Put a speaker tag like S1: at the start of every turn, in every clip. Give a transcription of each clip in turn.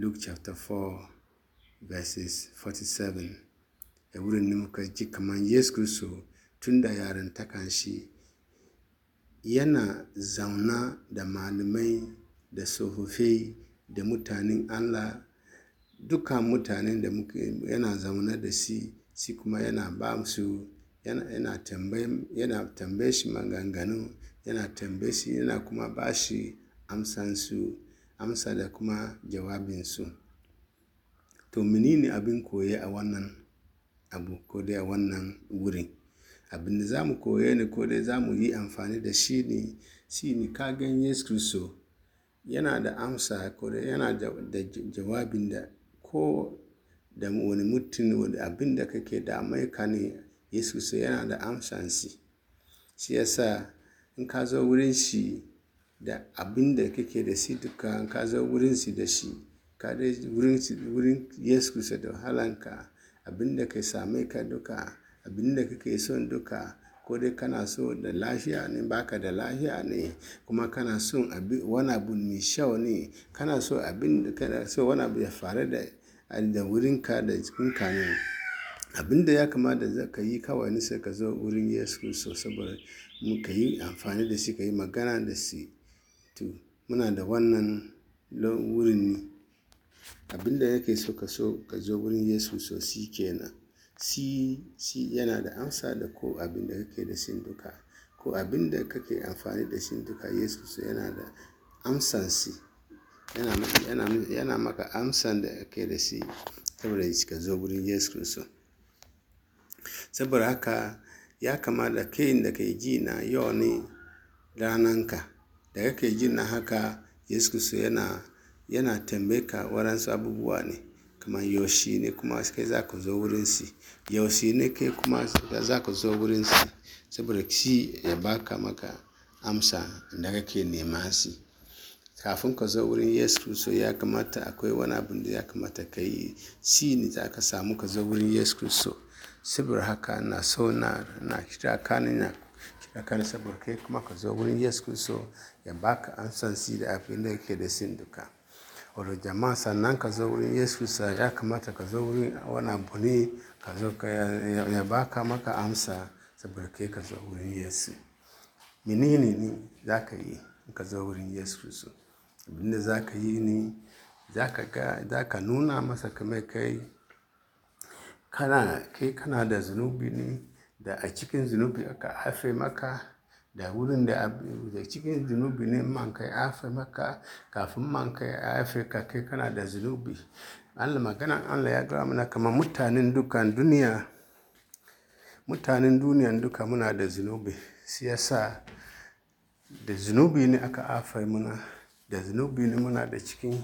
S1: Luke chapter 4 verses 47 a wurin ne muka ji kamar Yesu Kristo tun da shi yana zauna da malamai da tsofaffi da mutanen Allah duka mutanen da yana zauna da shi shi kuma yana ba su yana tambaye shi maganganu yana tambaye shi yana kuma ba shi amsansu amsa da kuma jawabinsu. To menene abin koye a wannan abu ko dai a wannan wurin? Abin da za mu koye ne ko dai za mu yi amfani da shi ne, shi ne ka gan Yesu kristo yana da amsa ko dai yana da jawabin da ko da wani mutum wani abin da kake mai ka ne Yesu kristo yana da amsansi. Shi yasa in ka zo wurin shi da abin da kake da shi duka ka zo su da shi ka dai wurin yesu kusa da halanka abin da ka same ka duka abin da ke son duka ko dai kana so da lafiya ne baka da lafiya ne kuma kana son wani abu mai shau ne kana so abin da kana so wani abu ya faru da da wurinka da ka ne abin da ya kamata za ka yi kawai ne sai ka zo wurin yesu kusa saboda mu ka yi amfani da shi ka yi magana da shi to muna da wannan wurin ne abinda yake so ka so ka zo wurin Yesu so si kenan si si yana da amsa da ko abinda kake da shi duka ko abinda kake amfani da shi duka Yesu so yana da amsan si yana maka amsan da kake da shi saboda ka zo wurin Yesu so saboda haka ya kamata kai da kai ji na yau ne rananka da kake jin na haka Yesu Kiristi yana, yana tambaye ka waransu abubuwa ne kamar yaushe ne kuma kai za ka zo wurin su. yaushe ne kai kuma za ka zo wurin su. saboda shi ya baka maka amsa da kake nema su. kafin ka zo wurin Yesu Kiristi ya kamata akwai wani abin da ya kamata ka yi shi ne za ka samu ka zo wurin Yesu Kiristi saboda haka na so na na kira ka na kira saboda kai kuma ka zo wurin Yesu Kiristi ya baka san si da abin da yake da sin duka wato jama'a sannan ka zo wurin yesu sa ya kamata ka zo wurin wani abu ne ka zo ya baka maka amsa saboda kai ka zo wurin yesu menene ne za ka yi in ka zo wurin yesu abin da za ka yi ne za ka nuna masa kamar kai kana kai kana da zunubi ne da a cikin zunubi aka haife maka da wurin da da cikin zunubi ne man kai maka kafin man kai a ka kai kana da zunubi allah magana allah ya gaya mana kamar mutanen dukan duniya mutanen duniyan duka muna da zunubi siyasa da zunubi ne aka afai muna da zunubi ne muna da cikin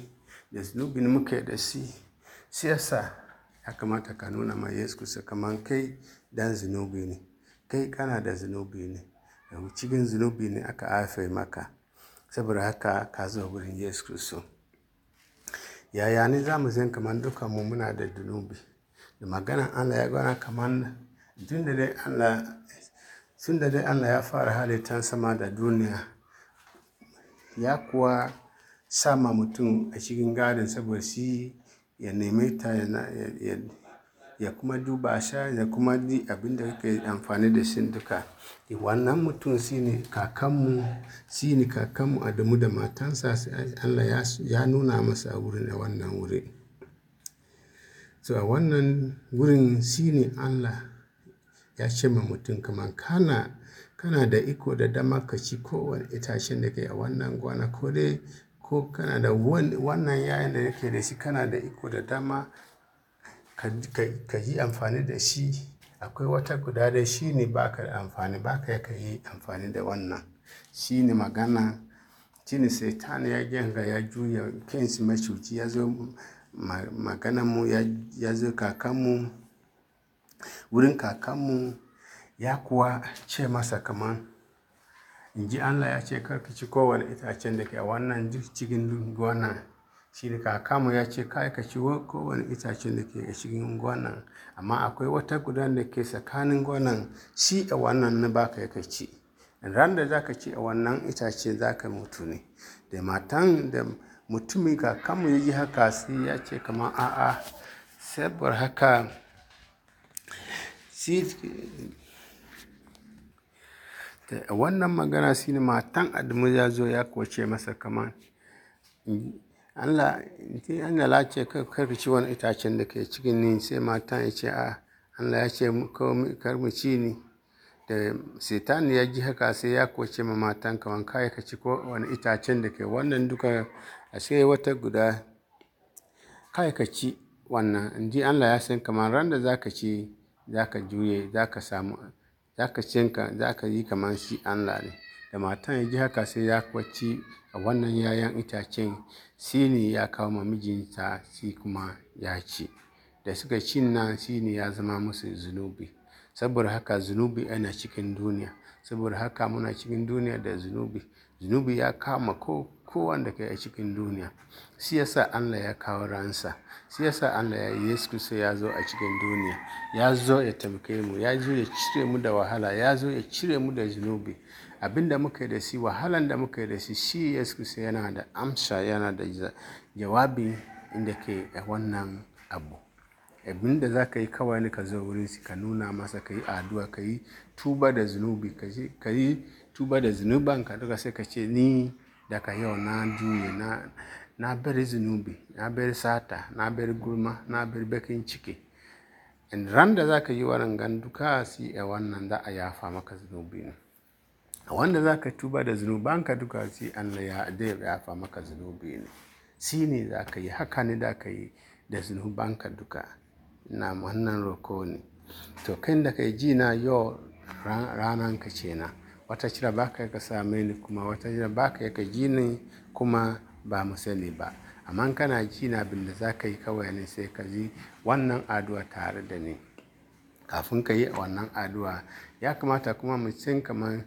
S1: da zunubi ne muka da si siyasa ya kamata ka nuna ma yesu kusa kamar kai dan zunubi ne kai kana da zunubi ne cikin zunubi ne aka haife maka saboda haka ka zo wurin yesu kristo yaya ne za mu zan kamar dukkan mu muna da zunubi da maganan allah ya gwana kamar tun da dai allah tun ya fara halittar sama da duniya ya kuwa sama mutum a cikin gadin saboda shi ya neme ta ya kuma duba sha ya kuma ji abinda da kake amfani da shi duka. Wannan mutum shine kakanmu, shine kakanmu Adamu da matansa sai Allah ya nuna masa a wurin a wannan wuri. So a wannan wurin shine Allah ya ce ma mutum kama, kana, kana da iko da dama ka ci kowane itacen da ke a wannan gwana ko dai ko kana da wannan yayan da yake da shi kana da iko da dama ka yi amfani da shi akwai wata guda da shi ne ba ka amfani ba ka yi amfani da wannan shi ne magana shi ne satan ya gyanga ya juya kansu mashuci ya zo mu, ya zo kakanmu wurin kakanmu ya kuwa ce masa kaman in ji Allah ya ce karki ci kowane itacen da ke wannan duk cikin gona. shi da kakamu ya ce kai ka ci kowane itacen da ke cikin gonan amma akwai wata guda da ke tsakanin gonan shi a wannan na baka ya ci ran da za ka ci a wannan itace za ka mutu ne da matan da mutumin kakamu ya ji haka sai ya ce kamar a'a sabar haka wannan magana shi ne matan adamu ya zo ya kwace masa kama Allah in Allah ya ce karfi ci wani itacen da ke cikin ni sai matan ya ce a Allah ya ce kar mu ci ni da sitani ya ji haka sai ya koce ma matan kawan kai ka ci ko wani itacen da ke wannan duka a sai wata guda kai ka ci wannan in ji Allah ya san kamar ran da zaka ci zaka juye zaka samu zaka cinka zaka yi kamar shi Allah ne da matan ya ji haka sai ya kwaci A wannan 'ya'yan itacen ne ya kawo ma mijinta shi kuma ya ci da suka ci nan ne ya zama musu zunubi saboda haka zunubi yana cikin duniya saboda haka muna cikin duniya da zunubi zunubi ya kama ko kowanne kai a cikin duniya shi yasa Allah ya kawo ransa shi yasa Allah ya Yesu Kristo ya zo a cikin duniya ya zo ya tamke mu ya zo ya cire mu da wahala ya zo ya cire mu da zunubi abinda muka yi da shi wahalan da muka yi da shi shi Yesu Kristo yana da amsa yana da jawabi inda ke wannan abu abin da za ka yi kawai ne ka zo wurin ka nuna masa ka yi addu'a ka yi tuba da zunubi ka yi tuba da zunubanka duka sai ka ce ni daga yau na juye na na zunubi na bari sata na bari gulma na bari bakin ciki in ran da za ka yi wannan ganduka si a wannan da a yafa maka zunubi ne wanda za ka tuba da zunubanka duka si an ya zai yafa maka zunubi ne si ne za ka yi haka ne da ka yi da zunubanka duka na wannan roko ne to kai da kai ji na yau ranan ka ce na wata cira ba ka ka same ni kuma wata cira ba ka ka ji ni kuma ba mu sani ba amma kana ji na abin da za ka yi kawai ne sai ka ji wannan addu'a tare da ni kafin ka yi wannan addu'a ya kamata kuma mu cin kamar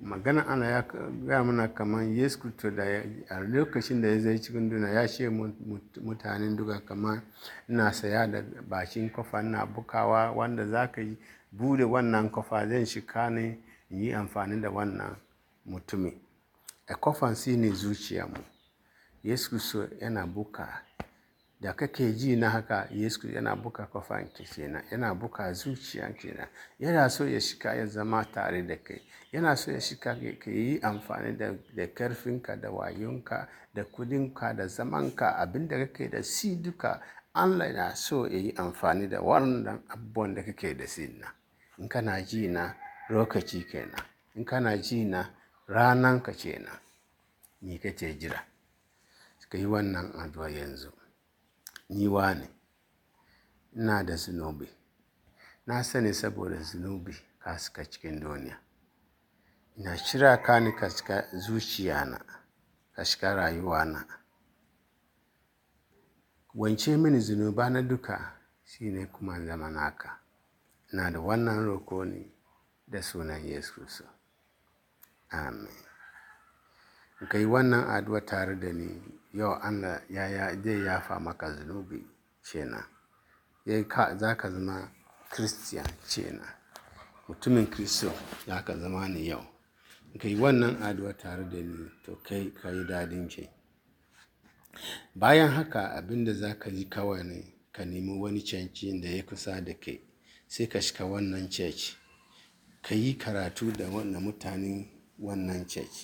S1: magana ana ya ga mana kamar yesu kristo da a lokacin da ya zai cikin duniya ya ce mutanen duka kamar ina saya da bakin kofa ina bukawa wanda za ka yi bude wannan kofa zan shika ne yi amfani da wannan mutumin a kofan si ne zuciyarmu yesu so yana buka da kake ji na haka yesu yana buka kofan kenan yana buka zuciya kenan yana so ya shika ya zama tare da kai yana so ya shika ka yi amfani da karfinka da wayonka da kudinka da zamanka abinda kake da si duka allah na so ya yi amfani da wannan abubuwan da kake da si na in kana ji na lokaci kenan in kana ji na ranan ka kenan ni kake jira ka yi wannan addu'a yanzu ni wane ina da zunubi na sani saboda zunubi ka suka cikin duniya ina shirya ka ni ka zuciya na ka shiga na. wance mini zunuba na duka shine kuma zama naka na da wannan roko ne da sunan Yesu Kristo. Amin. Ka yi wannan addu'a tare da ni yau Allah ya zai yafa maka zunubi kenan. Za ka zama Christian kenan. Mutumin Kristo za ka zama ni yau. Ka yi wannan addu'a tare da ni to kai ka yi dadin ke. Bayan haka abinda da za ka yi kawai ne ka nemi wani canci da ya kusa da kai sai ka shiga wannan ceci. ka yi karatu da wannan mutanen wannan church